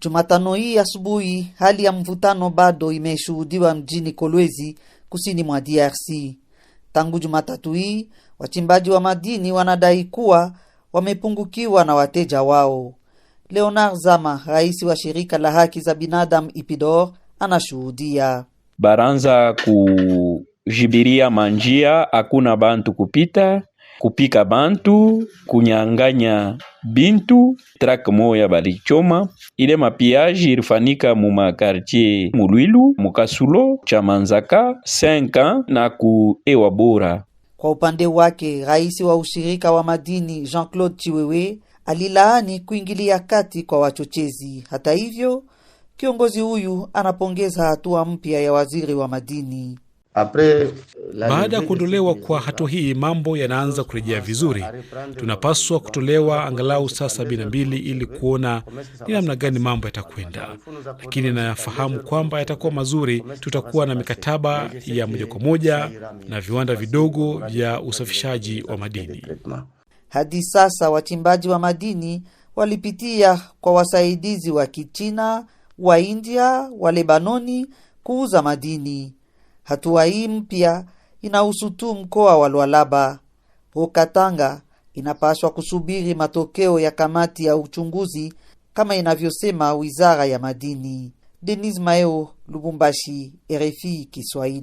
Jumatano hii asubuhi, hali ya mvutano bado imeshuhudiwa mjini Kolwezi, kusini mwa DRC. Tangu Jumatatu hii, wachimbaji wa madini wanadai kuwa wamepungukiwa na wateja wao. Leonard Zama, rais wa shirika la haki za binadamu IPIDOR, anashuhudia baranza kujibiria manjia, hakuna bantu kupita kupika bantu, kunyang'anya bintu trak moya balichoma. Ile mapiage ilifanika mu makartier Mulwilu, Mukasulo, Chamanzaka, Senka na ku Ewa Bora. Kwa upande wake rais wa ushirika wa madini Jean-Claude Chiwewe alilaani kuingilia kati kwa wachochezi. Hata hivyo, kiongozi huyu anapongeza hatua mpya ya waziri wa madini. Baada ya kuondolewa kwa hatua hii, mambo yanaanza kurejea vizuri. Tunapaswa kutolewa angalau saa sabini na mbili ili kuona ni namna gani mambo yatakwenda, lakini nafahamu kwamba yatakuwa mazuri. Tutakuwa na mikataba ya moja kwa moja na viwanda vidogo vya usafishaji wa madini. Hadi sasa wachimbaji wa madini walipitia kwa wasaidizi wa Kichina, wa India, wa Lebanoni kuuza madini. Hatua hii mpya inahusu tu mkoa wa Lwalaba. Hokatanga inapaswa kusubiri matokeo ya kamati ya uchunguzi kama inavyosema wizara ya madini. Denis Maeo, Lubumbashi, RFI Kiswahili.